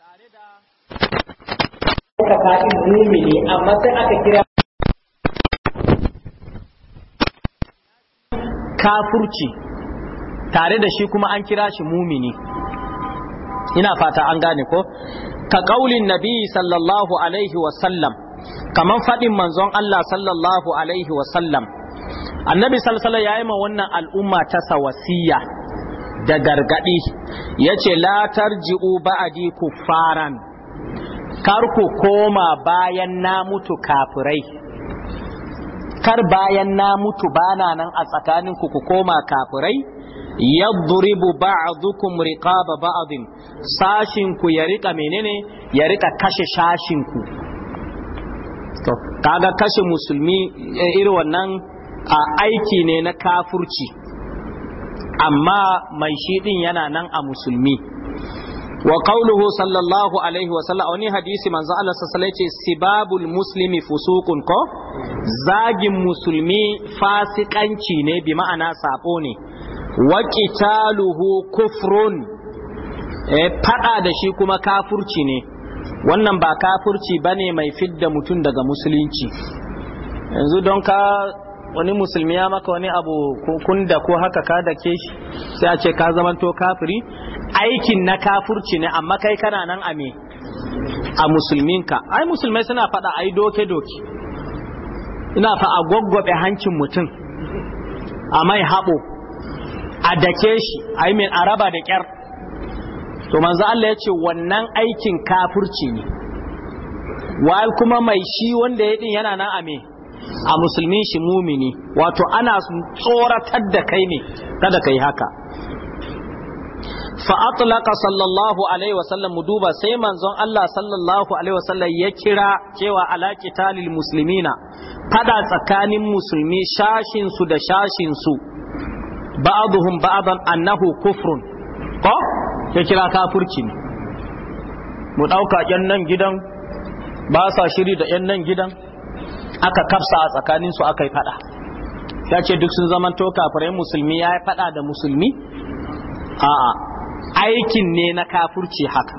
tare da ka faɗi amma sai aka kira kafurci tare da shi kuma an kira shi mumini ina fata an gane ko ka kaulin nabi sallallahu alaihi wasallam kaman faɗin manzon Allah sallallahu alaihi wasallam annabi salsala ya yi ma wannan al'umma ta sawasiyya da gargadi yace la tarji'u ba'di kuffaran kar ku koma bayan na mutu kafirai kar bayan na mutu bana nan a tsakanin ku ku koma kafirai yadribu ba'dukum riqaba ba'din sashin ku ya rika menene ya rika kashe sashin ku kaga kashe musulmi eh, irin wannan a aiki ne na kafurci amma mai shi din yana nan a musulmi wa qauluhu sallallahu alaihi wa sallam wani hadisi manzo Allah sallallahu alaihi sibabul muslimi fusuqun ko zagin musulmi fasikanci ne bi ma'ana sabo ne wa qitaluhu kufrun e fada da shi kuma kafurci ne wannan ba kafurci bane mai fidda mutum daga musulunci yanzu don ka wani musulmi ya maka wani abu kunda ko haka ka da ke shi sai a ce ka zamanto kafiri aikin na kafurci ne amma kai kana nan a me a musulminka ai musulmai suna faɗa ai doke doke ina fa a gwaggwabe hancin mutum a mai haɓo a dake shi ai min a da kyar. to manzo Allah ya ce wannan aikin kafurci ne wa kuma mai shi wanda ya din yana nan a me a musulmin shi mumini wato ana tsoratar da kai ne kada kai haka fa atlaqa sallallahu alaihi wasallam mu duba sai manzon Allah sallallahu alaihi wasallam ya kira cewa ala qitalil muslimina kada tsakanin musulmi shashin su da shashin su ba'dhum ba'dan annahu kufrun ko ya kira kafirci ne mu dauka yan nan gidan ba sa shiri da yan nan gidan aka kafsa a su aka yi fada ya ce duk sun zaman to kafirai musulmi ya yi fada da musulmi a'a aikin ne na kafurci haka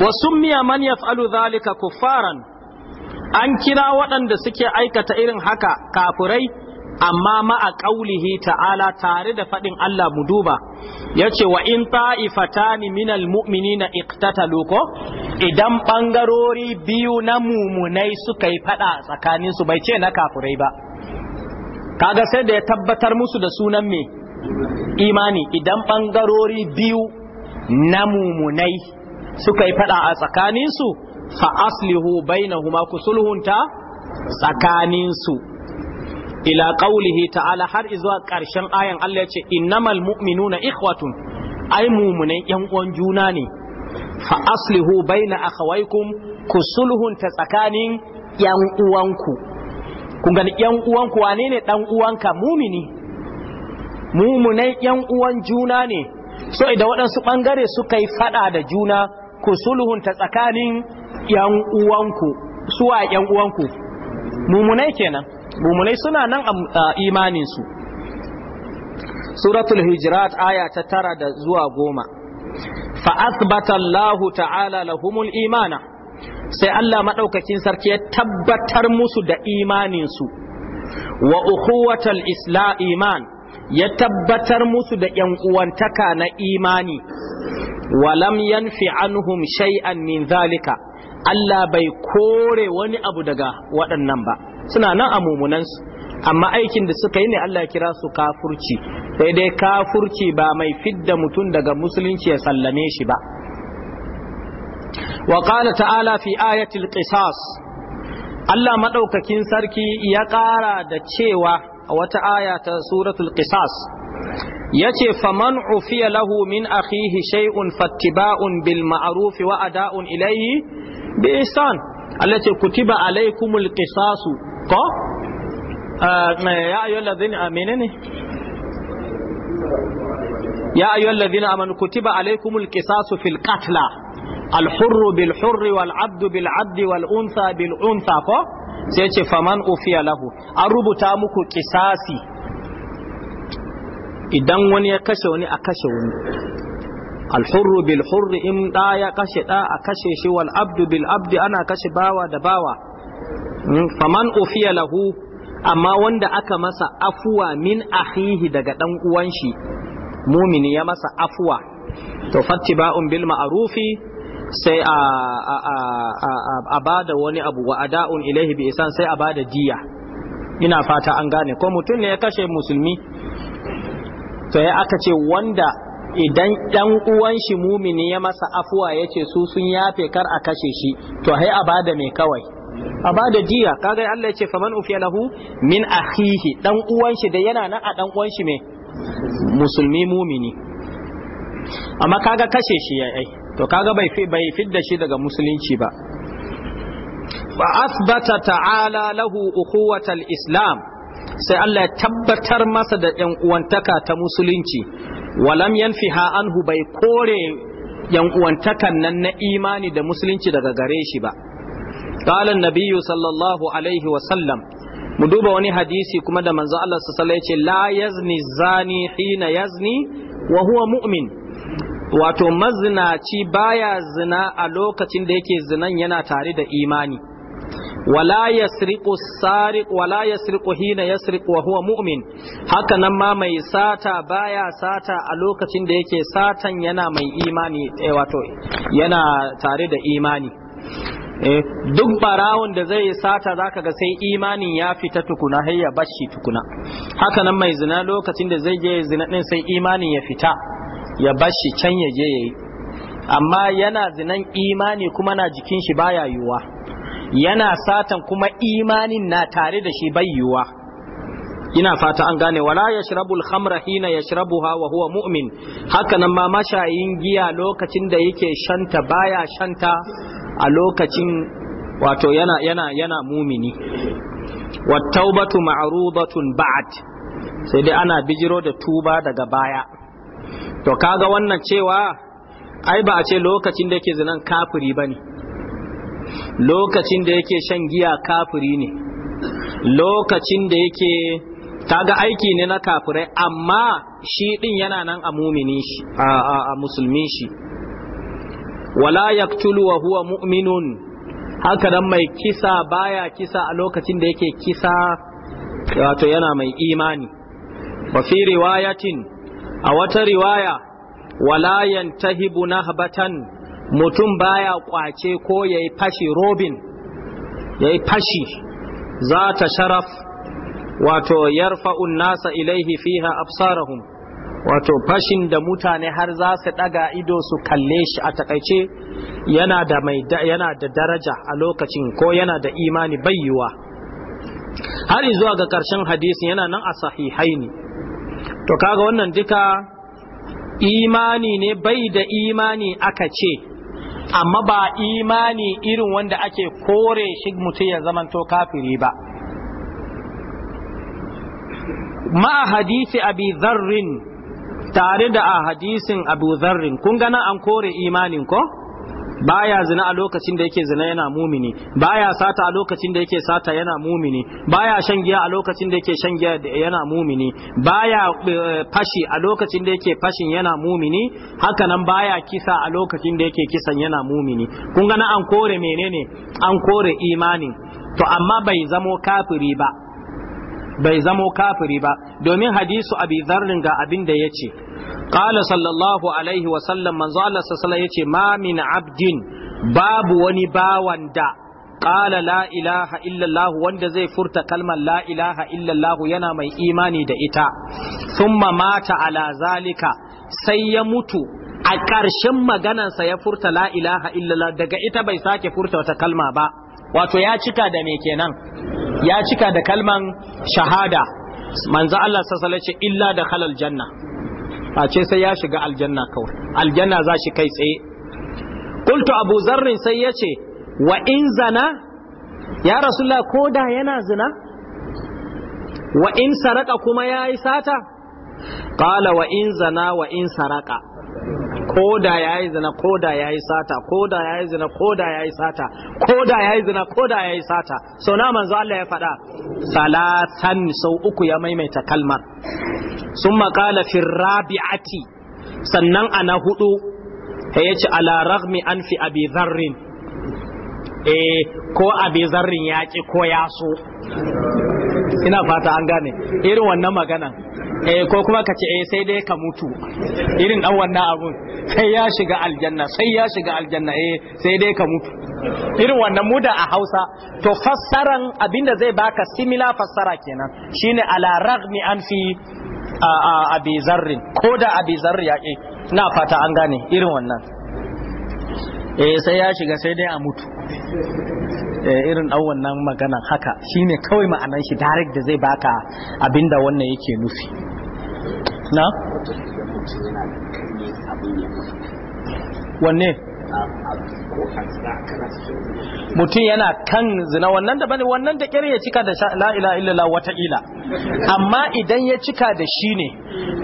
wasu miya man yaf'alu zalika kuffaran an kira waɗanda suke aikata irin haka kafirai amma ma a ƙaulihi ta'ala tare da faɗin Allah mu duba ya ce wa in ta'ifatani minal mu'minina iqtatalu ko idan bangarori biyu na mumunai suka yi faɗa tsakaninsu bai ce na kafurai ba kaga sai da ya tabbatar musu da sunan me imani idan ɓangarori biyu na mumunai suka yi faɗa a tsakaninsu fa aslihu bainahuma ku sulhunta tsakaninsu ila qaulihi ta'ala har izuwa ƙarshen ayan Allah ya ce innamal mu'minuna ikhwatun ai mu'minai yan uwan juna ne fa aslihu baina akhawaykum ku sulhunta tsakanin yan uwanku kun ga yan uwanku wane ne dan uwanka mumini mu'minai yan uwan juna ne so idan waɗansu ɓangare suka yi faɗa da juna ku sulhunta tsakanin yan uwanku suwa yan uwanku mu'minai kenan mumunai suna nan a imaninsu suratul hijrat aya ta tara da zuwa goma fa ta'ala lahumul imana sai Allah maɗaukakin sarki ya tabbatar musu da imaninsu wa ukhuwatal isla iman ya tabbatar musu da yan uwantaka na imani walam yanfi anhum shay'an min zalika Allah bai kore wani abu daga waɗannan ba suna nan a mummunansu amma aikin da suka yi ne Allah ya kira su kafurci sai dai kafurci ba mai fidda mutum daga musulunci ya sallame shi ba wa qala ta'ala fi ayatil qisas Allah madaukakin sarki ya ƙara da cewa a wata aya ta suratul qisas yace faman ufiya lahu min akhihi shay'un fattiba'un bil ma'ruf wa ada'un ilayhi bi ihsan Allah ce kutiba alaikumul qisasu ko ya ayyuhal ladina menene ya ayyuhal ladina amanu kutiba alaykumul qisasu fil katla alhurru hurru bil hurri wal abdu bil abdi wal unsa bil unsa ko sai ce faman ufiya lahu an rubuta muku kisasi idan wani ya kashe wani a kashe wani alhurru bil hurri in da ya kashe da a kashe shi wal abdu bil abdi ana kashe bawa da bawa Mm, faman ufiya lahu amma wanda aka masa afuwa min ahihi daga dan uwan shi mumini ya masa afuwa to fattiba'un bil ma'rufi sai a bada wani abu wa ada'un ilaihi bi isan sai a bada jiya ina fata an gane ko mutum ne ya kashe musulmi to ya aka ce wanda idan dan uwan shi mumini ya masa afuwa yace su sun yafe kar a kashe shi to hai a bada mai kawai a ba da jiya kaga Allah ya ce faman ufiya lahu min akhihi dan uwan shi da yana na a dan uwan shi me musulmi mumini amma kaga kashe shi ya ai to kaga bai bai fidda shi daga musulunci ba wa asbata ta'ala lahu ukhuwatal islam sai Allah ya tabbatar masa da ‘yan uwantaka ta musulunci, walam yanfiha anhu bai kore ‘yan uwantakan nan na imani da musulunci daga gare shi ba. قال النبي صلى الله عليه وسلم mu duba wani hadisi kuma da manzo Allah su sallai ce la yazni zani hina yazni wa huwa mu'min wato mazinaci baya zina a lokacin da yake zinan yana tare da imani wala yasriqu sariq wala yasriqu hina yasriqu wa huwa mu'min haka nan ma mai sata baya sata a lokacin da yake satan yana mai imani wato yana tare da imani Eh, duk barawon da zai sata zaka ga sai imanin ya fita tukuna har ya bashi tukuna haka nan mai zina lokacin da zai je zina din sai imanin ya fita ya bashi can ya je yayi amma yana zinan imani kuma na jikin shi baya yiwuwa yana satan kuma imanin na tare da shi bai yiwuwa ina fata an gane wala yashrabul khamra hina yashrabuha wa huwa mu'min haka nan ma mashayin giya lokacin da yake shanta baya shanta a lokacin wato yana yana yana mumini wattaubatu ma'rudatun ba'd sai dai ana bijiro da tuba daga baya to kaga wannan cewa ai ba a ce lokacin da yake zinan kafiri bane lokacin da yake shan giya kafiri ne lokacin da yake kaga aiki ne na kafirai amma shi din yana nan a mumini shi a musulmin shi wala yaqtulu wa huwa mu'minun haka dan mai kisa baya kisa a lokacin da yake kisa wato yana mai imani wa fi riwayatin a wata riwaya wala yantahibu nahbatan mutum baya kwace ko yayi fashi robin yayi fashi za ta sharaf wato yarfa'un nasa ilaihi fiha absarahum wato fashin da mutane har za su daga ido su kalle shi a takaice yana da mai yana da daraja a lokacin ko yana da imani bayyuwa har zuwa ga karshen hadisi yana nan a sahihaini to kaga wannan duka imani ne bai da imani aka ce amma ba imani irin wanda ake kore shi mutum ya zamanto kafiri ba ma hadisi abi zarrin tare da a hadisin abu zarrin kun gana an kore imanin ko baya zina a lokacin da yake zina yana mumini baya sata a lokacin da yake sata yana mumini baya shan giya a lokacin da yake shan giya yana mumini baya eh, fashi a lokacin da yake fashin yana mumini haka nan baya kisa a lokacin da yake kisan yana mumini kun ga an kore menene an kore imanin to amma bai zamo kafiri ba bai zamo kafiri ba domin hadisu abi zarrin ga abin da ya ce qala sallallahu alaihi wa sallam manzo Allah sallallahu ya ma min abdin babu wani bawan da qala la ilaha illallah wanda zai furta kalmar la ilaha illallah yana mai imani da ita thumma mata ala zalika sai ya mutu a ƙarshen maganansa ya furta la ilaha illallah daga ita bai sake furta wata kalma ba wato ya cika da me kenan ya cika da kalman shahada manzo Allah sassala ce illa da halal janna a ce sai ya shiga aljanna kawai aljanna za shi kai tsaye kultu abu zarrin sai ya ce wa in zana ya rasulullah ko da yana zina wa in saraka kuma ya yi sata qala wa in zana wa in saraka Koda ya yayi zina koda ya yayi sata koda ya yayi zina koda ya yayi sata koda ya yayi zina koda ya yayi sata so na manzo Allah ya faɗa salatan sau uku ya maimaita kalmar sun makala fi rabi'ati sannan ana hudu ya ci ala ragmi an fi abi zarrin eh ko abi zarrin ya ki ko ya so ina fata an gane irin wannan magana eh ko kuma ka ce eh sai dai ka mutu irin dan wannan abun sai ya shiga aljanna sai ya shiga aljanna eh sai dai ka mutu irin wannan muda a Hausa to fassaran abinda zai baka similar fassara kenan shine ala ragmi an fi a abi zarri ko da abi zarri ya na fata an gane irin wannan eh sai ya shiga sai dai a mutu Eh, irin dan wannan magana haka shine kawai ma'anar shi direct da zai baka abinda wannan yake nufi na wanne ah, ah. mutum yana kan zina wannan da bane wannan da kere ya cika da la ilaha illallah wata ila amma idan ya cika da shi ne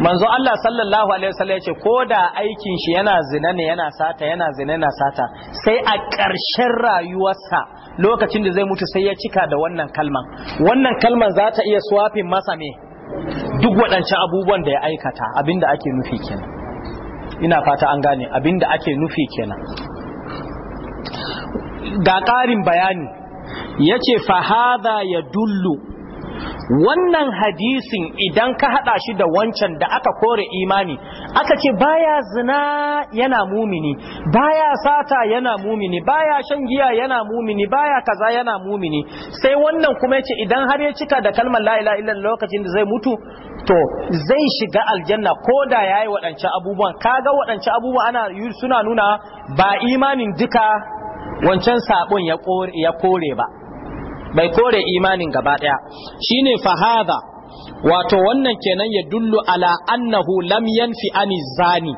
manzo Allah sallallahu alaihi wasallam yace ko da aikin shi yana zina ne yana sata yana zina yana sata sai a ƙarshen rayuwarsa lokacin da zai mutu sai ya cika da wannan kalman wannan kalman za ta iya swafin masa ne duk waɗancan abubuwan da ya aikata abinda ake nufi kenan ina fata an gane abinda ake nufi kenan ga ƙarin bayani ya ce fahada ya dullu wannan hadisin idan ka hada shi da wancan da aka kore imani aka ce baya zina yana mumini baya sata yana mumini baya shan giya yana mumini baya kaza yana mumini sai wannan kuma ya ce idan har ya cika da kalmar la ilaha illallah lokacin da zai mutu to zai shiga aljanna ko ya yayi waɗancan abubuwan kaga waɗancan abubuwa ana suna nuna ba imanin duka wancan sabon ya kore ba bai kore imanin gaba daya shine fahada wato wannan kenan ya dullu ala annahu lam yanfi ani zani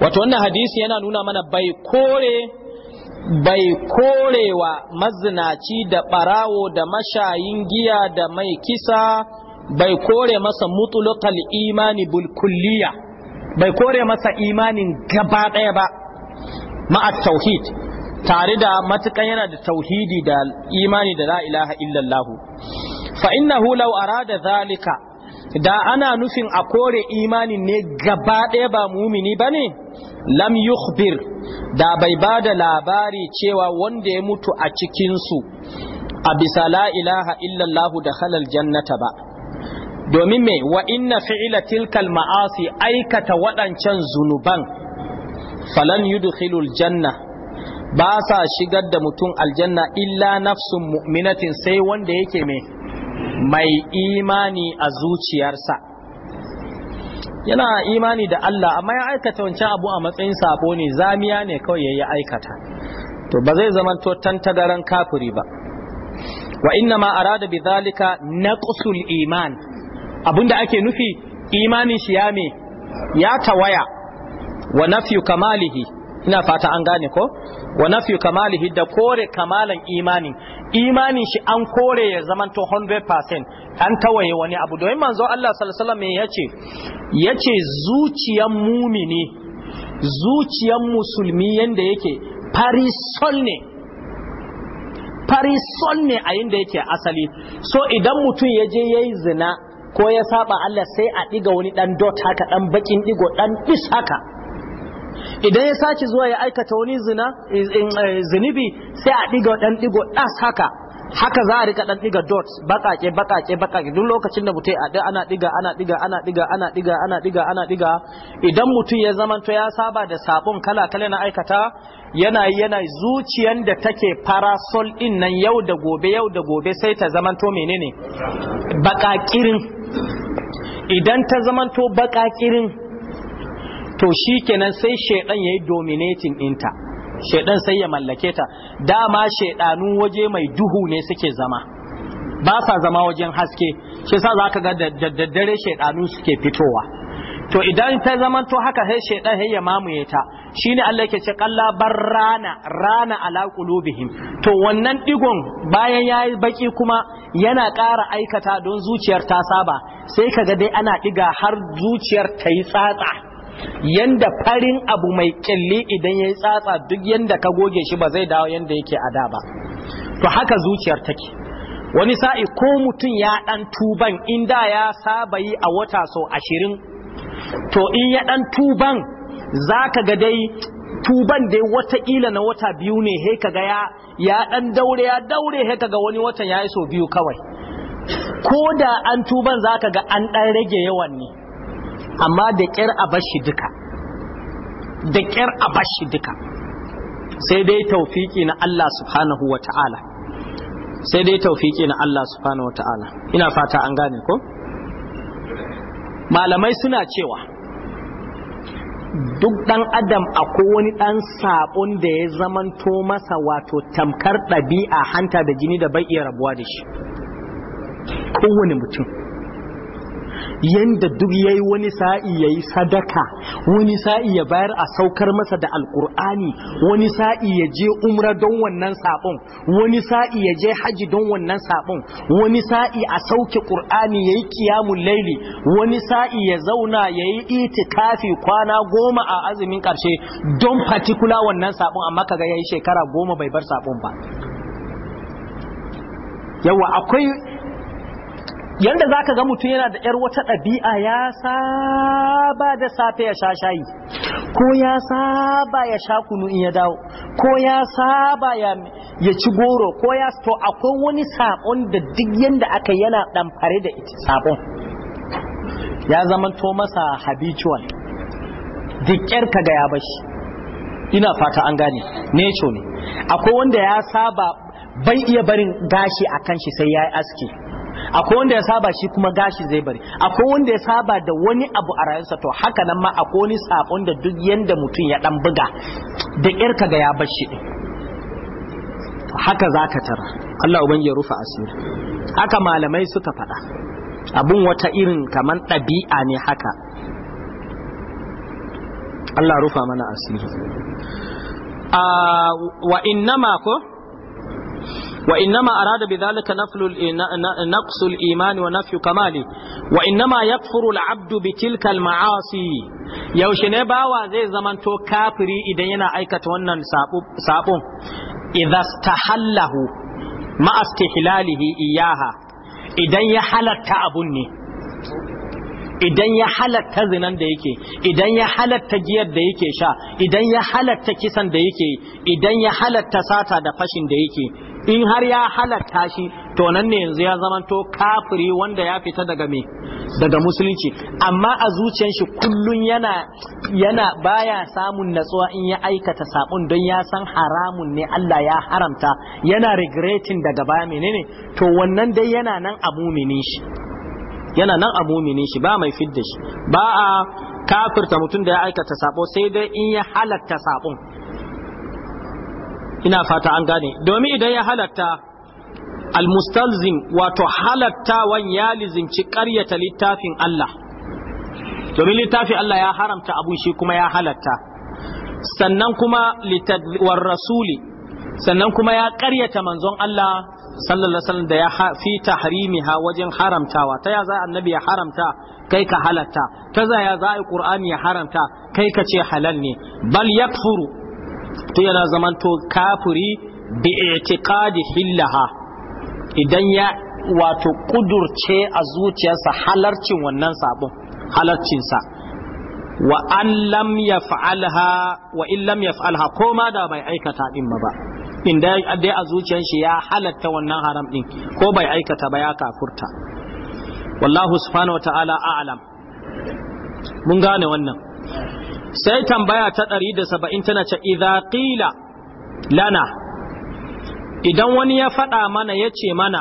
wato wannan hadisi yana nuna mana bai kore bai korewa mazinaci da barawo da mashayin giya da mai kisa bai kore masa mutulukal imani bulkulliya bai kore masa imanin gaba daya ba ma'a tauhid tare da matukan yana da tauhidi da imani da la ilaha illallah fa innahu law arada zalika da ana nufin a kore imanin ne gaba ɗaya ba mumini ba ne lam yukhbir da bai ba da labari cewa wanda ya mutu a cikinsu a bisa la ilaha illallahu da halal jannata ba domin me wa inna fi'ila tilkal ma'asi aikata waɗancan zunuban falan yudkhilul janna ba sa shigar da mutum aljanna illa nafsun mu'minatin sai wanda yake mai mai imani a zuciyarsa yana imani da Allah amma ya aikata wancan abu a matsayin sabo ne zamiya ne kawai ya yi aikata to ba zai zama to tantagaran kafiri ba wa inna ma arada bi zalika naqsul iman abinda ake nufi imanin shi ya me ya tawaya wa nafyu kamalihi ina fata an gane ko wa nafi kamalihi da kore kamalan imani imanin shi an kore ya zaman to 100% an tawaye wani abu domin manzo Allah sallallahu alaihi wasallam yace yace zuciyan mumini zuciyan musulmi yanda yake farisol ne farisol ne a inda yake asali so idan mutum ya je yayi zina ko ya saba Allah sai a diga wani dan dot haka dan bakin digo dan dis haka idan ya sace zuwa ya aikata wani zina eh, eh, eh, zunubi sai a diga dan digo das haka haka za a rika dan diga dots bakake bakake bakake duk lokacin da mutum a ana diga ana diga ana diga ana diga ana diga ana diga idan mutum ya to ya saba da sabon kala kala na aikata yana yana zuciyan da take parasol din nan yau da gobe yau da gobe sai ta to menene bakakirin idan ta to bakakirin to shi kenan sai shaidan yayi dominating inta shaidan sai ya mallake ta dama shaidanun waje mai duhu ne suke zama ba sa zama wajen haske shi sa zaka ga daddare shaidanu suke fitowa to idan ta zaman to haka sai shaidan ya mamaye ta shine Allah yake ce kalla barrana rana ala qulubihim to wannan digon bayan yayi baki kuma yana ƙara aikata don zuciyar ta saba sai kaga dai ana diga har zuciyar ta yi tsatsa yanda farin abu mai ƙyalli idan ya yi tsatsa duk yanda ka goge shi ba zai dawo yanda yake a da ba to haka zuciyar take wani sa'i ko mutum ya dan tuban in da ya saba yi a wata sau ashirin to in ya dan tuban za ka ga dai tuban dai watakila na wata biyu ne he kaga ya ya dan daure ya daure he ga wani watan ya yi so biyu kawai ko da an tuban za ka ga an dan rage yawan ne amma da ƙyar a bashi duka da ƙyar a bashi duka sai dai taufiki na Allah subhanahu wa ta'ala sai dai taufiki na Allah subhanahu wa ta'ala ina fata an gane ko malamai suna cewa duk dan adam akwai wani dan sabon da ya zamanto masa wato tamkar ɗabi'a hanta da jini da bai iya rabuwa da shi kowane mutum yanda duk yayi wani sa'i yayi sadaka wani sa'i ya bayar a saukar masa da alkur'ani wani sa'i ya je umra don wannan sabon wani sa'i ya je haji don wannan sabon wani sa'i a sauke qur'ani yayi qiyamul laili wani sa'i ya zauna yayi itikafi kwana goma a azumin karshe don particular wannan sabon amma kaga yayi shekara goma bai bar sabon ba yawa akwai yanda zaka ga mutum yana da ‘yar wata ɗabi'a ya saba da safe ya sha shayi ko ya saba ya sha kunu in ya dawo ko ya saba ya, ya ci goro ko ya to akwai wani sabon da duk yanda aka yana fare da ita sabon ya zama to masa habitual duk yar ka ga ya bashi ina fata an gane neco ne akwai wanda ya saba bai iya barin gashi a kan shi sai yayi aski akwai wanda ya saba shi kuma gashi zai bari akwai wanda ya saba da wani abu a rayuwarsa to haka nan ma akwai wani sakon da duk yanda mutum ya dan buga da irka ga ya bar shi haka zaka tara Allah ubangiji ya rufa asiri haka malamai suka faɗa abun wata irin kaman ɗabi'a ne haka Allah rufa mana asiri ah, wa innama ko وإنما أراد بذلك نقص الإيمان ونفي كماله وإنما يكفر العبد بتلك المعاصي يوشني باوا زي زمان تو كافري إذا ينا أيكة ونن سابون إذا استحله ما استحلاله إياها إذا يحلت أبني idan ya halatta zinan da yake idan ya halatta giyar da yake sha idan ya halatta kisan da yake idan ya halatta sata da fashin da yake in har ya halatta shi to nan ne yanzu ya zamanto kafiri wanda ya fita daga me daga musulunci amma a zuciyar shi kullun yana yana baya samun natsuwa in ya aikata sabon don ya san haramun ne Allah ya haramta yana regretting daga baya menene to wannan dai yana nan a muminin shi yana nan a muminin shi ba mai fidda shi ba a kafirta mutum da ya aikata sabo sai dai in ya halatta sabon ina fata an gane domin idan ya halatta almustalzim wato halattawan ya lizinci ƙaryata littafin Allah domin littafin Allah ya haramta abun shi kuma ya halatta sannan kuma war rasuli sannan kuma ya ƙaryata manzon Allah sallallahu alaihi da ya fi ha wajen haramtawa ta ya za annabi ya haramta kai ka halatta ta za ya za qur'ani ya haramta kai ka ce halal ne bal yakfuru to yana zamanto kafuri bi i'tiqadi hillaha idan ya wato kudurce a zuciyarsa halarcin wannan sabon sa wa an lam yaf'alha wa in lam yaf'alha ko ma da bai aikata din ba In da dai a zuciyar shi ya halatta wannan haram din ko bai aikata ba ya kafurta wallahu subhanahu Ta'ala a'lam mun gane wannan sai tambaya ta 170 tana ce idza qila lana idan wani ya faɗa mana ya ce mana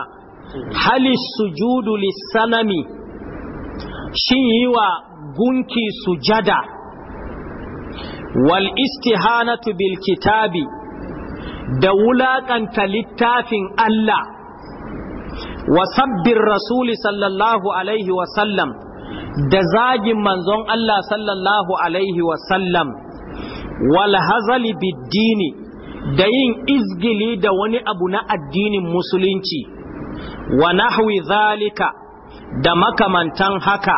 halis sujudu lissanami shin yi wa gunki sujada wal istihanatu bil kitabi da wulaƙanta littafin Allah wa sabbin rasuli sallallahu alaihi wasallam da zagin manzon Allah sallallahu alaihi wasallam wal biddini da yin izgili da wani abu na addinin musulunci wa nahwi zalika da makamantan haka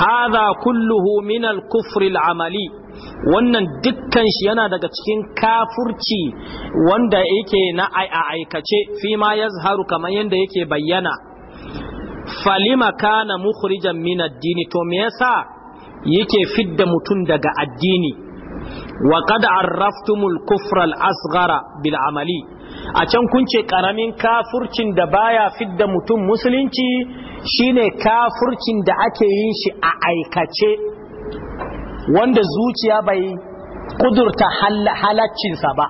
haza kulluhu min al-kufri al-amali wannan dukkan shi yana daga cikin kafurci wanda yake na a aikace fi ma yazharu kamar yadda yake bayyana falima kana mukhrijan min addini to me yasa yake fidda mutum daga addini wa qad arraftumul kufra al-asghara bil amali a can kun ce karamin kafurcin da baya fidda mutum musulunci shine kafurcin da ake yin shi a aikace wanda zuciya bai kudurta halaccinsa ba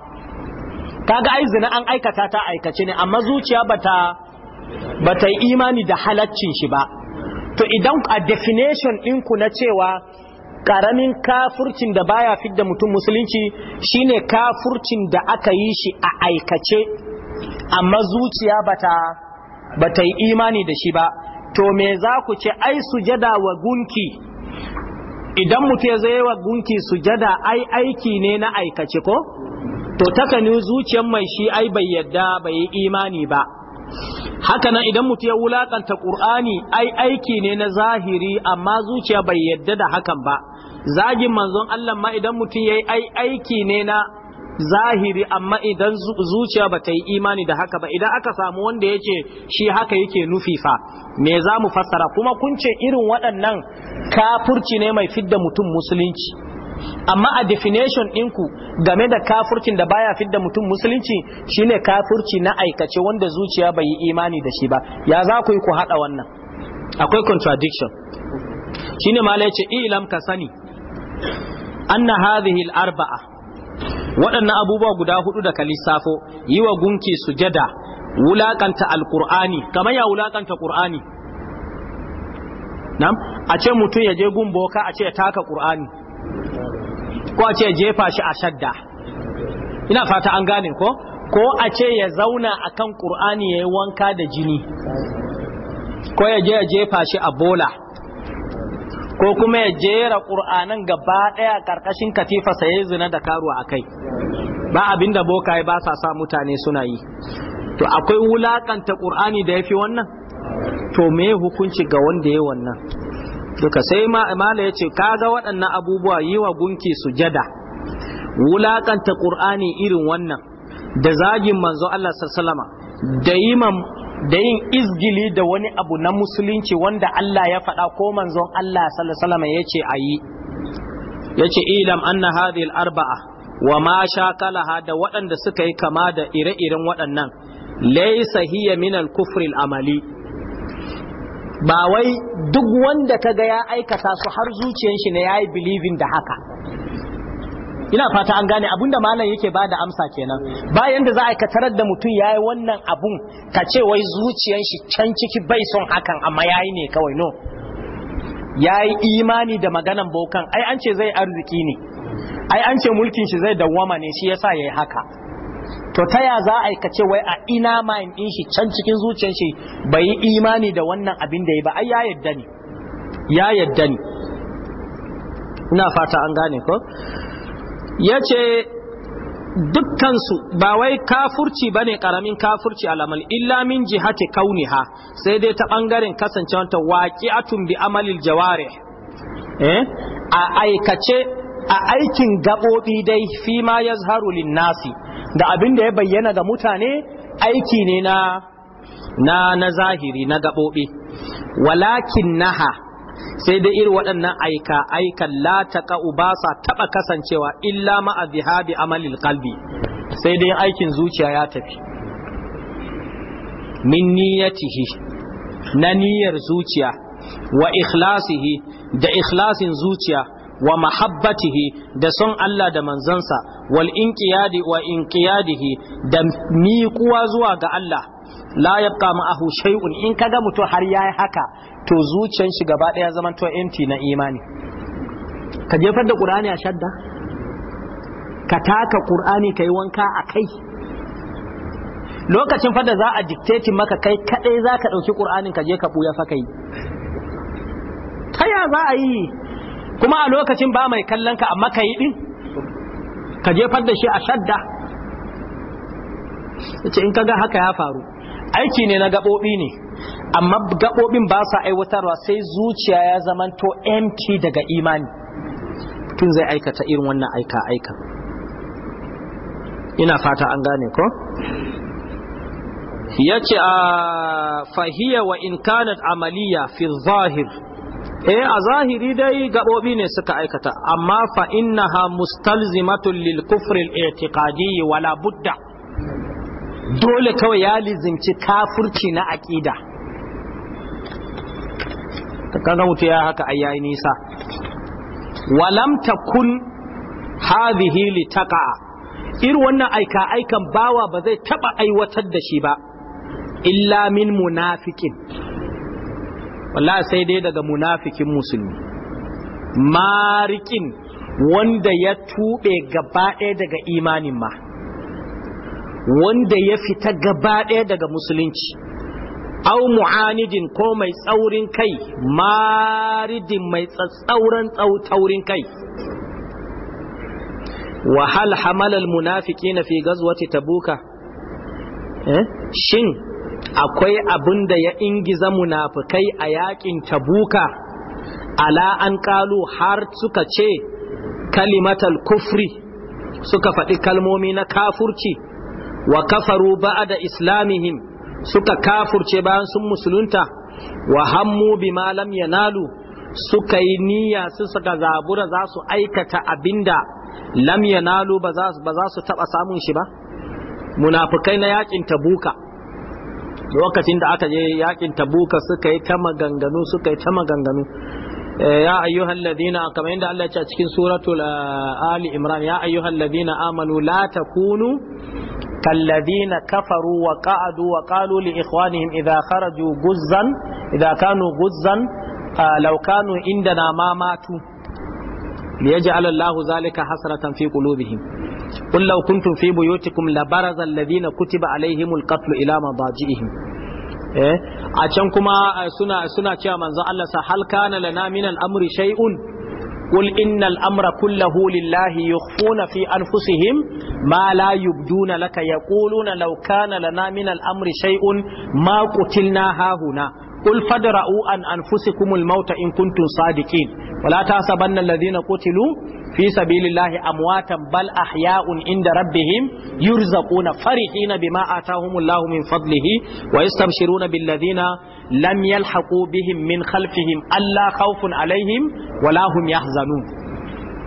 kaga ai zina an aikata ta aikace ne amma zuciya bata bata yi imani da halaccin shi ba to idan a definition ɗinku na cewa karamin kafurcin da baya fidda mutum musulunci shine kafurcin da aka yi shi a aikace amma zuciya bata bata yi imani da shi ba to me za ku ce ai sujada wa gunki idan mutum ya zai wa gunki sujada ai aiki ne na aikace ko to takani zuciyar mai shi ai bai yadda bai yi imani ba Haka nan idan mutum ya wulakanta qur'ani ai aiki ne na zahiri amma zuciya bai yadda da hakan ba zagin manzon Allah ma idan mutum yayi ai aiki ne na zahiri amma idan zuciya ba ta yi imani da haka ba idan aka samu wanda yake shi haka yake nufi fa me za mu fassara kuma kun ce irin waɗannan kafurci ne mai fidda mutum musulunci amma a definition ɗinku game da kafurcin da baya fidda mutum musulunci shine kafurci na aikace wanda zuciya bai yi imani da shi ba ya za ku yi ku haɗa wannan akwai contradiction shine ma ce ilam ka sani anna hadhihi al-arba'a waɗannan abubuwa guda hudu da lissafo yi wa gunki sujada wulakanta alkur'ani kamar ya wulakanta qur'ani nam a ce mutum ya je gun boka a ce ya taka qur'ani ko a ce ya jefa shi a shadda ina fata an gane ko ko a ce ya zauna akan qur'ani yi wanka da jini ko ya je ya jefa shi a bola ko kuma ya jera ƙur'anan gaba ɗaya ƙarƙashin katifa sai zina da karuwa a kai ba abin da bokaye ba sa sa mutane suna yi to akwai wulakanta ƙur'ani da ya fi wannan to me hukunci ga wanda ya wannan duka sai mala ya ce kaga waɗannan abubuwa yi wa gunki sujada wulakanta ƙur'ani irin wannan da zagin manzo Allah sallama da yi da yin izgili da wani abu na musulunci wanda Allah ya faɗa ko manzon Allah sallallahu ya wasallam yace ayi ya ilam anna hadhihi al-arba'a wa ma shaqalaha da waɗanda suka yi kama da ire-iren waɗannan laysa hiya min al-kufri al-amali ba wai duk wanda kaga ya aikata su har zuciyar shi ne yayi believing da haka ina fata an gane abinda malam yake ba da amsa kenan bayan da za a katarar da mutum ya yi wannan abun ka ce wai zuciyan shi can ciki bai son hakan amma yayi ne kawai no yi imani da maganan bokan ai an ce zai arziki ne ai an ce mulkin shi zai dawwama ne shi yasa yi haka to ta ya za a ce wai a ina mind din shi can cikin zuciyar shi bai yi imani da wannan abin da ya ba ai ya yadda ne ya yadda ne ina fata an gane ko ya ce dukkansu ba wai kafurci ba ne ƙaramin kafurci alamal illa min jihati kauniha sai dai ta ɓangaren kasancewanta waƙi'atun bi amalil jaware eh? a aikace a aikin gaɓoɓi dai fi ma ya harulin nasi da abin da ya bayyana ga mutane aiki ne na na zahiri na gaɓoɓi walakin naha sai dai irin waɗannan aika aikan la taqa'u ba sa taba kasancewa illa ma azhabi amalil qalbi sai dai aikin zuciya ya tafi min niyyatihi na niyyar zuciya wa ikhlasihi da ikhlasin zuciya wa mahabbatihi da son Allah da manzansa wal inqiyadi wa inqiyadihi da miƙuwa zuwa ga Allah la yabqa ma'ahu shay'un in kaga mutum har yayi haka to zuciyar shi gaba daya zaman to empty na imani ka jefar da qur'ani a shadda ka taka qur'ani kai wanka a kai lokacin fa da za a dictate maka kai kadai za ka dauki qur'anin ka je ka buya fa kai ta za a yi kuma a lokacin ba mai kallon ka amma ka yi din ka jefar da shi a shadda yace in kaga haka ya faru aiki ne na gaɓoɓi ne amma gaɓoɓin ba sa aiwatarwa sai zuciya ya zamanto empty daga imani tun zai aikata irin wannan aika-aika ina fata an gane ko ya ce a fahiyya wa in kanat amaliya fi zahir eh a zahiri dai gaɓoɓi ne suka aikata amma fa innaha mustalzimatun lil kufril itiqadiyyi wala budda dole kawai ya lizinci kafurci na aƙida kaga mutu ya haka ai nisa walam takun hili litaqa ir wannan aika aikan bawa ba zai taɓa aiwatar da shi ba illa min munafikin Wala sai dai daga munafikin musulmi marikin wanda ya tube gaba ɗaya daga imanin ma wanda ya fita gaba ɗaya daga musulunci au mu'anidin ko mai tsaurin kai maridin mai tsatsauran taurin kai Wahal hal hamalal na fi ghazwati tabuka eh shin akwai abin da ya ingiza munafikai a yakin tabuka ala an kalu har suka ce kalimatal kufri suka faɗi kalmomi na kafurci wa kafaru ba'da islamihim suka kafurce bayan sun musulunta wa hammu bima lam yanalu suka yi niyya su suka zabura za su aikata abinda lam yanalu ba za su taba samun shi ba munafukai na yakin tabuka lokacin da aka je yakin tabuka suka yi ta maganganu suka yi ta maganganu eh, ya ayyuhal ladina kamar yadda Allah ya ce cikin suratul ah, ali imran ya ayyuhal ladina amanu la takunu كالذين كفروا وقعدوا وقالوا لإخوانهم إذا خرجوا غزا إذا كانوا غزا لو كانوا عندنا ما ماتوا ليجعل الله ذلك حسرة في قلوبهم قل لو كنتم في بيوتكم لبرز الذين كتب عليهم القتل إلى مضاجئهم eh a can kuma suna suna cewa manzon Allah sa hal kana lana min al-amri shay'un qul innal amra hu lillahi yukhfuna fi anfusihim ma la yubduna laka yaquluna law kana lana min al amri shay'un ma qutilna hahuna قل فدرؤوا عن أنفسكم الموت إن كنتم صادقين ولا تحسبن الذين قتلوا في سبيل الله أمواتا بل أحياء عند ربهم يرزقون فرحين بما آتاهم الله من فضله ويستبشرون بالذين لم يلحقوا بهم من خلفهم ألا خوف عليهم ولا هم يحزنون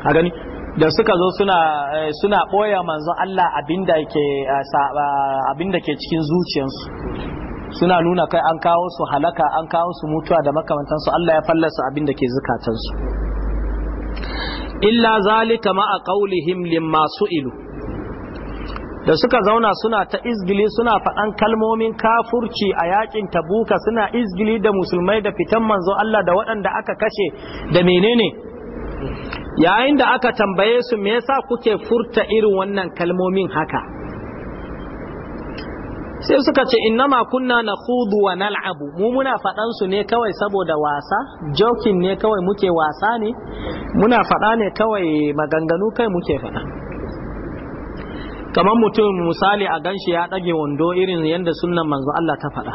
هذا da suka zo suna suna boye manzo Allah abinda ke abinda ke cikin zuciyarsu suna nuna kai an kawo su halaka an kawo su mutuwa da makamantansu Allah ya fallasa abin da ke zukatansu illa zalika ma'a qaulihim masu su'ilu da suka zauna suna ta izgili suna faɗan kalmomin kafurci a yakin tabuka suna izgili da musulmai da fitan manzo Allah da waɗanda aka kashe da menene yayin da aka tambaye su me yasa kuke furta irin wannan kalmomin haka sai suka ce innama kunna na khudu wa nal'abu mu muna faɗan su ne kawai saboda wasa joking ne kawai muke wasa ne muna faɗa ne kawai maganganu kai muke faɗa kamar mutum misali a ganshi ya ɗage wando irin yadda sunan manzo Allah ta faɗa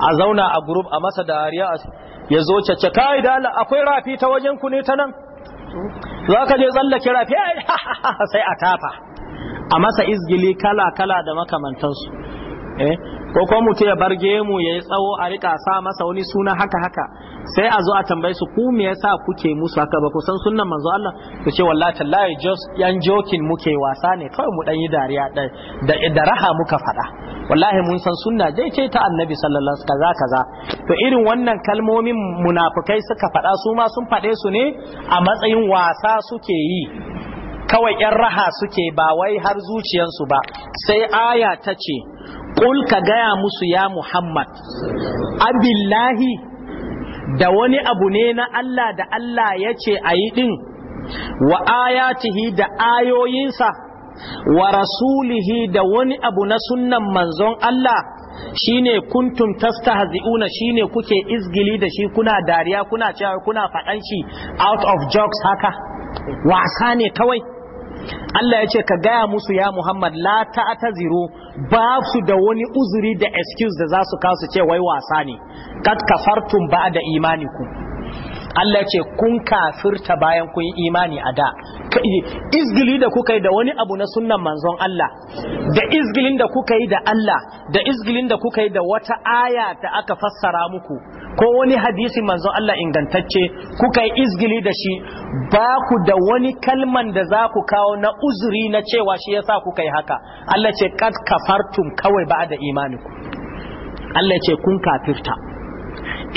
a zauna a group a masa dariya ya zo cece kai da Allah akwai rafi ta wajen ku ne ta nan za ka je tsallake rafi sai a tafa a masa izgili kala kala da makamantansu Eh? ko ko mutum ya bar gemu ya yi tsawo a rika sa masa wani suna haka haka sai a zo a tambaye su ku me yasa kuke musu haka ba ku san sunnan manzo Allah to ce wallahi tallahi just yan jokin muke wasa ne kawai mu dan yi dariya da da raha muka fada wallahi mun san sunna dai ce ta annabi sallallahu alaihi kaza kaza to irin wannan kalmomin munafikai suka fada su ma sun fade su ne a matsayin wasa suke yi kawai yan raha suke ba wai har zuciyarsu ba sai aya ta ce ƙul ka gaya musu ya Muhammad, abillahi da wani abu ne na Allah da Allah ya ce a yi ɗin, wa ayatihi da ayoyinsa, wa rasulihi da wani abu na sunnan manzon Allah shine kuntum tastahzi'una shine kuke izgili da shi kuna dariya kuna cewa kuna faɗan shi out of jokes haka wasa ne kawai Allah ya ce ka gaya musu ya Muhammad la ta'taziru ba su da wani uzuri da excuse da za su kasu ce wai wasa ne kat kafartum ba'da ku Allah ce kun kafirta bayan kun yi imani a da izgili da kuka yi da wani abu na sunnan manzon Allah da izgilin da kuka yi da Allah da izgilin da kuka yi da wata aya da aka fassara muku ko wani hadisi manzon Allah ingantacce kuka yi izgili da shi ba ku da wani kalman da za ku kawo na uzuri na cewa shi yasa kuka yi haka Allah ce kad kafartum kawai ba da imaniku Allah ce kun kafirta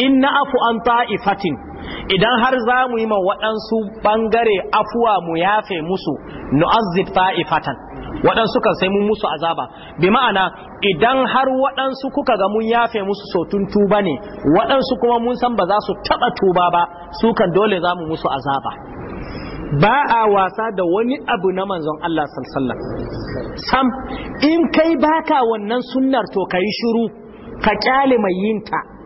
in na afu an ta'ifatin idan har za mu yi ma waɗansu ɓangare afuwa mu yafe musu nu'azzib ifatan waɗansu kan sai mun musu azaba bi ma'ana idan har waɗansu kuka ga mun yafe musu sotun tuba ne waɗansu kuma mun san ba za su taɓa tuba ba su kan dole za mu musu azaba ba a wasa da wani abu na manzon Allah sallallahu sam in kai baka wannan sunnar to kai shiru ka kyale mai yinta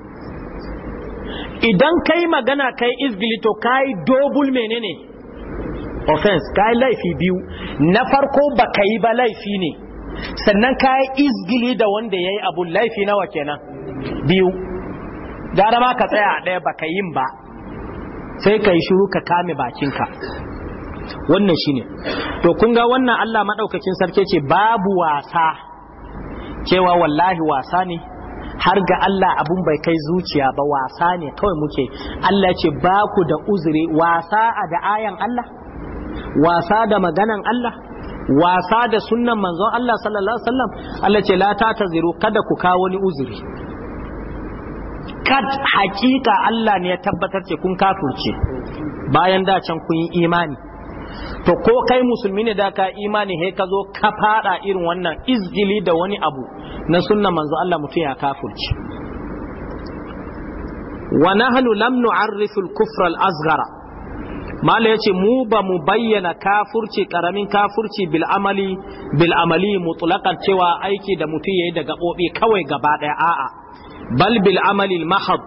idan kai magana kai izgili to kai dobul menene offense kai laifi biyu na farko ba ka yi ba laifi ne sannan kai izgili da wanda ya yi abu laifi nawa kenan biyu gara ma ka tsaya a ɗaya ba ka yin ba sai ka yi shiru ka kame bakinka wannan shine to kun ga wannan Allah madaukakin sarki ce babu wasa cewa wallahi wasa ne har ga Allah abun bai kai zuciya ba wasa ne kawai muke Allah ce ba ku da uzuri wasa a da ayan Allah wasa da maganan Allah wasa da sunnan manzon Allah sallallahu alaihi wasallam Allah ce la ta taziru kada ku kawo wani uzuri kad hakika Allah ne ya tabbatar ce kun kafurce bayan da can kun yi imani to ko kai musulmi ne da ka imani he ka zo ka fada irin wannan izgili da wani abu na sunna manzo Allah mutum ya kafurci wa nahnu lam nu'arrifu al-kufra al-asghara mala yace mu ba mu bayyana kafurci karamin kafurci bil amali bil amali mutlaqan cewa aiki da mutum yayi da gabobi kawai gaba daya a'a bal bil amali al-mahad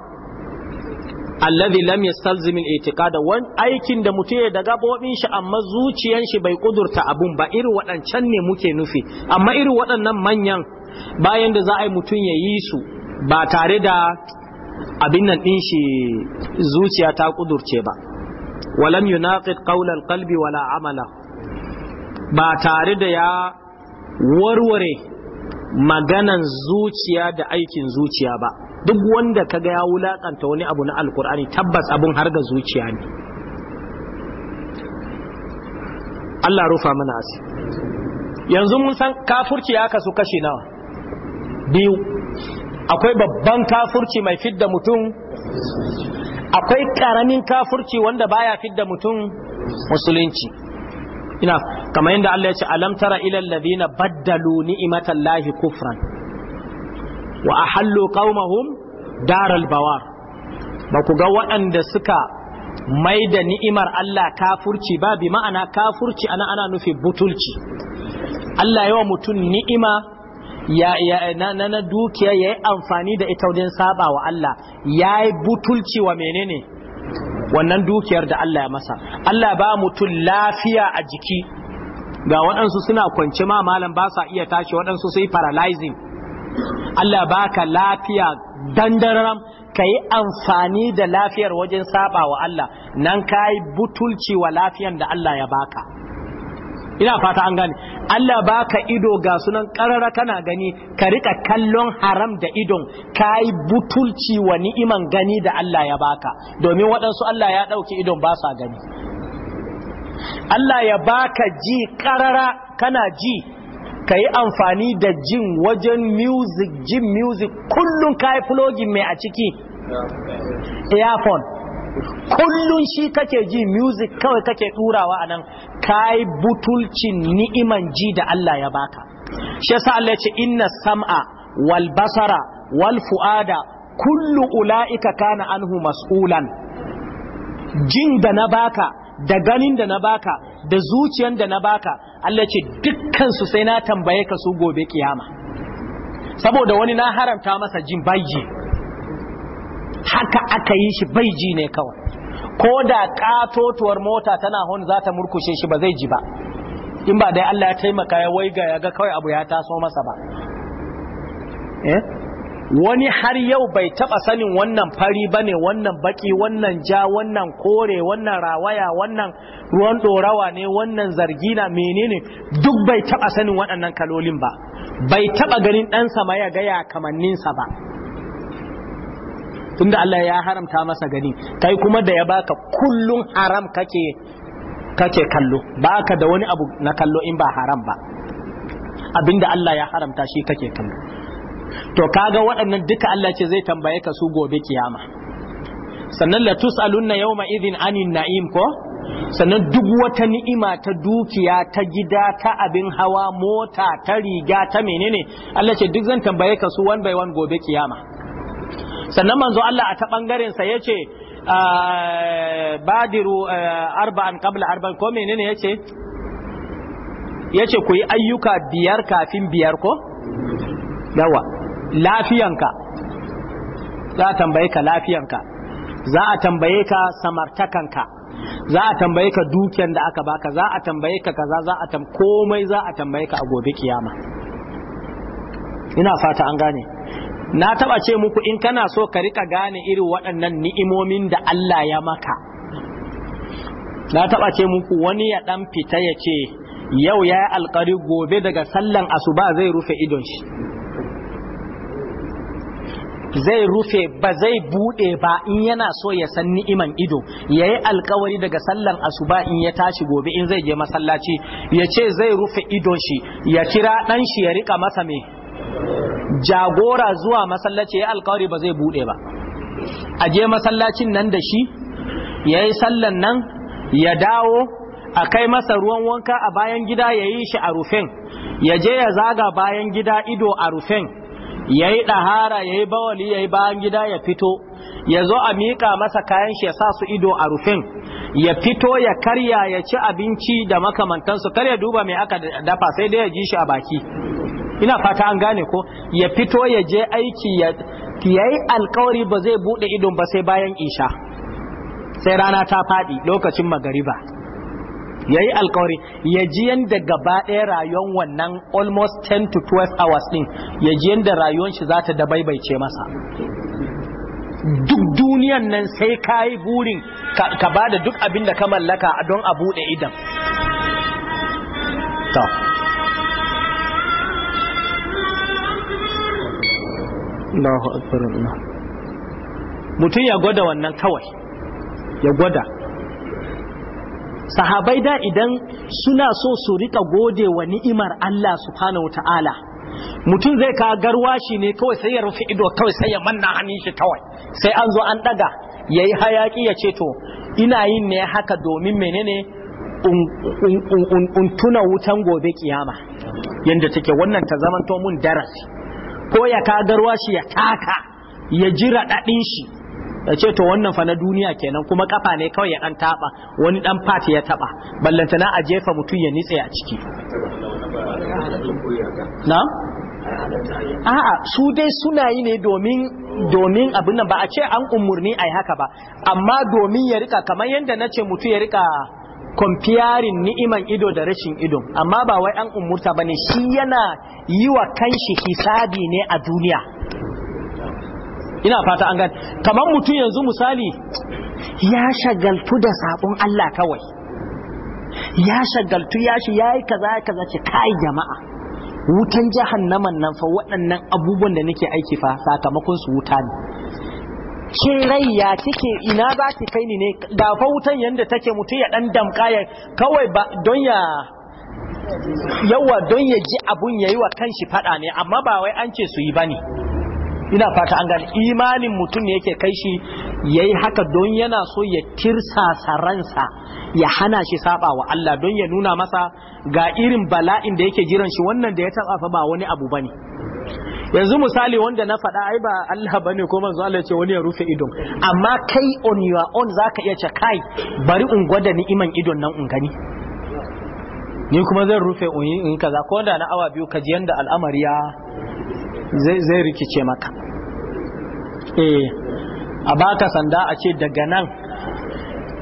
alladhi lam yastalzim al-i'tiqad wan aikin da mutum ya daga bobin shi amma zuciyan shi bai kudurta abun ba irin waɗancan ne muke nufi amma irin waɗannan manyan bayan da za a yi mutum ya yi su ba tare da abin nan din shi zuciya ta kudurce ba walam yunaqid qawla al-qalbi wala amala ba tare da ya warware maganan zuciya da aikin zuciya ba duk wanda ka ga ya wulakanta wani abu na alkur'ani tabbas abun har ga zuciya ne Allah rufa mana asi yanzu mun san kafurci ya kasu kashi nawa biyu akwai babban kafurci mai fidda mutum akwai karamin kafurci wanda baya fidda mutum musulunci ina kamar yadda Allah ya ce alam tara ilal ladina baddalu ni'matallahi kufran wa ahallu qaumahum daral bawar ba ku ga waɗanda suka mai da ni'imar Allah kafurci ba bi ma'ana kafurci ana ana nufi butulci Allah yawa mutum ni'ima ya, ya, na, na, dukiya ya yi amfani da ita wajen saba wa Allah ya yi butulci wa menene wannan dukiyar da Allah ya masa Allah ba mutum lafiya a jiki ga waɗansu suna kwance ma malam ba sa iya tashi waɗansu sai paralyzing Allah baka lafiya dandararam ka yi amfani da lafiyar wajen saba wa Allah nan ka yi butulci wa lafiyan da Allah ya baka ina fata an gani. Allah baka ido ga sunan karara kana gani ka rika kallon haram da idon ka yi butulci wa ni'iman gani da Allah ya baka domin waɗansu Allah ya ɗauki idon ba sa gani Allah ya baka ji karara kana ji ka yi amfani da jin wajen music jin music kullum ka yi flogin mai a ciki earphone kullum shi kake ji music kawai kake turawa anan nan ka yi butulcin ni'iman ji da Allah ya baka shi yasa Allah ya ce inna sam'a wal basara wal fu'ada kullu ula'ika kana anhu mas'ulan jin da na baka da ganin da na baka da zuciyan da na baka Allah ce dukkan su sai na tambaye ka su gobe kiyama saboda wani na haramta masa jin baiji haka aka yi shi baiji ne kawai ko da katotuwar mota tana hon za ta murkushe shi ba zai ji ba in ba dai Allah ya taimaka ya waiga ya ga kawai abu ya taso masa ba eh wani har yau bai taba sanin wannan fari bane wannan baki wannan ja wannan kore wannan rawaya wannan ruwan dorawa ne wannan zargina menene duk bai taba sanin waɗannan kalolin ba bai taba ganin ɗansa ma ya gaya kamanninsa ba tunda Allah ya haramta masa gani kai kuma da ya baka kullun haram kake kake kallo baka da wani abu na kallo in ba haram ba abinda Allah ya haramta shi kake kallo to kaga waɗannan duka Allah ce zai tambaye ka su gobe kiyama sannan la tusalunna yawma idhin anin na'im ko sannan duk wata ni'ima ta dukiya ta gida ta abin hawa mota ta riga ta menene Allah ce duk zan tambaye ka su one by one gobe kiyama sannan manzo Allah a ta bangaren sa yace ah, badiru eh, arba'an qabla arba'an ko menene yace yace ku yi ayyuka biyar kafin biyar ko yawa lafiyanka za a tambaye ka lafiyanka za a tambaye ka samartakanka za a tambaye ka dukiyar da aka baka za a tambaye ka kaza za a komai za a tambaye ka a gobe kiyama ina fata an gane na taba ce muku in kana so ka rika gane irin waɗannan ni'imomin da Allah ya maka na taba ce muku wani ya dan fita ya ce yau ya yi alƙari gobe daga sallan asuba zai rufe idon shi zai rufe ba zai bude ba in yana so ya san ni'iman ido yayi alkawari daga sallan asuba in ya tashi gobe in zai je masallaci ya ce zai rufe idon shi ya kira dan shi ya rika masa me jagora zuwa masallaci yayi alkawari ba zai bude ba a je masallacin nan da shi yayi sallan nan ya dawo a kai masa ruwan wanka a bayan gida ya yi shi a rufin ya je ya zaga bayan gida ido a rufin ya yi ɗahara ya yi bawali ya yi bayan gida ya fito ya zo a miƙa masa kayan shi ya sa su ido a rufin ya fito ya karya ya ci abinci da makamantansu kar ya duba mai aka dafa sai dai ya ji shi a baki ina fata an gane ko ya fito ya je aiki ya yi alkawari ba zai buɗe idon ba sai bayan isha sai rana ta faɗi lokacin magariba ya yi alkawari ya ji yadda gaba ɗaya rayuwar wannan almost 10 to 12 hours ɗin ya ji yadda rayuwar shi za ta dabaibaice masa duk duniyan nan sai ka yi burin ka ba da duk abin da ka mallaka don a buɗe idan mutum ya gwada wannan kawai ya gwada sahabai da idan suna so su rika gode wa ni'imar Allah subhanahu ta'ala mutum zai ka garwashi ne kawai sai ya rufe ido kawai sai ya manna hannun shi kawai sai an zo an daga yayi hayaki ya ce to ina yin ne haka domin menene in tuna wutan gobe kiyama yadda take wannan ta zamanto mun darasi ko ya ka garwashi ya taka ya jira ɗaɗin shi da ce to wannan fa na duniya kenan kuma kafa ne kawai ya dan taba wani dan fati ya taba ballantana a jefa mutum ya nitse a ciki na a'a su dai suna yi ne domin domin abin nan ba a ce an umurni ai haka ba amma domin ya rika kamar yadda na ce mutum ya rika kwamfiyarin ni'iman ido da rashin ido amma ba wai an umurta bane shi yana yi wa kanshi hisabi ne a duniya ina fata an gani kamar mutum yanzu misali ya shagaltu da sabon Allah kawai ya shagaltu ya shi yayi kaza kaza ce kai jama'a wutan jahannaman nan fa waɗannan abubuwan da nake aiki fa sakamakon su wuta ne ke rai ya kike ina za ki kai ni ne da fa wutan yanda take mutum ya dan damka ya kawai ba don ya yawa don ya ji abun yayi wa kanshi fada ne amma ba wai an ce su yi bane ina fata an gane imanin mutum ne yake kai shi yayi haka don yana so ya tirsasa ransa ya hana shi saba wa Allah don ya nuna masa ga irin bala'in da yake jiran shi wannan da ya taba fa ba wani abu bane yanzu misali wanda na faɗa ai ba Allah bane ko manzo Allah ce wani ya rufe ido. amma kai on your own zaka iya ce kai bari in gwada ni iman idon nan in gani ni kuma zan rufe in kaza ko da na awa biyu ka ji yanda al'amari ya zai rikice maka eh a baka sanda a ce daga nan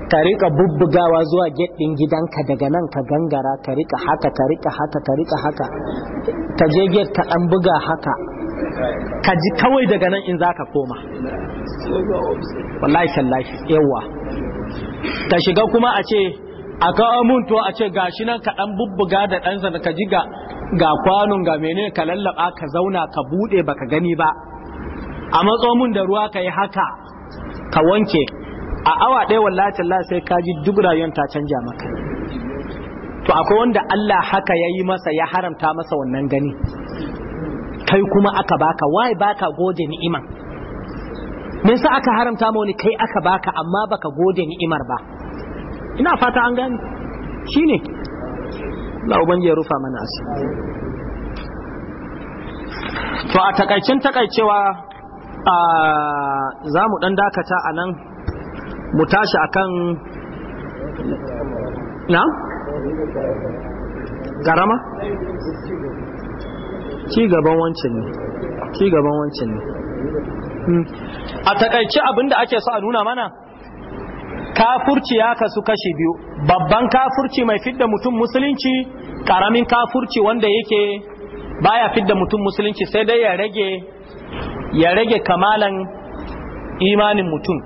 ka rika bubbugawa zuwa gidan gidanka daga nan ka gangara ka rika haka ka rika haka ka rika haka ka je get ka dan buga haka ka ji kawai daga nan in zaka koma wallahi sallahi yawa ka shiga kuma a ce a kawo mun to a ce gashi nan ka dan bubbuga da ɗansa sanda ka ji ga kwano ga menene ka lallaba ka zauna ka bude ka gani ba a matso mun da ruwa ka yi haka ka wanke a awa ɗaya wallahi talla sai ka ji duk rayuwar ta canja maka to akwai wanda Allah haka yayi masa ya haramta masa wannan gani kai kuma aka baka wai baka gode ni'ima. me yasa aka haramta ma wani kai aka baka amma baka gode ni'imar ba ina fata an gani shi ne ubangiji ya rufa mana asiri to a takaicin takaicewa za mu dan dakata a nan mu tashi akan na garama ci gaban wancan ne ci gaban ne hmm. a takaice abinda ake so a nuna mana kafurci ya kasu kashi biyu babban kafurci mai fidda mutum musulunci karamin kafurci wanda yake baya fidda mutum musulunci sai dai ya rage ya rage kamalan imanin mutum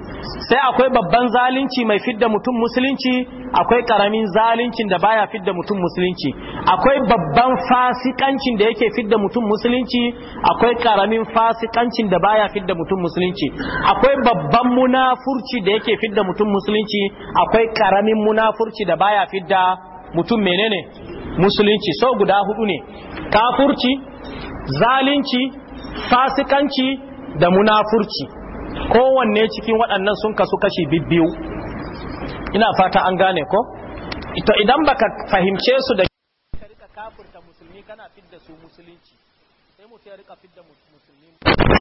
sai akwai babban zalunci mai fidda mutum musulunci akwai karamin zalunci da baya fidda mutum musulunci akwai babban fasikancin da yake fidda mutum musulunci akwai karamin fasikancin da baya fidda mutum musulunci akwai babban munafurci da yake fidda mutum musulunci akwai karamin munafurci da baya fidda mutum menene musulunci so, guda hudu ne kafurci zalunci fasikanci da munafurci kowanne cikin waɗannan sun kasu kashi bibbiyu ina fata an gane ko ita idan baka fahimce su da ka rika kafirta musulmi kana fidda su musulunci sai mu ya rika fidda musulmi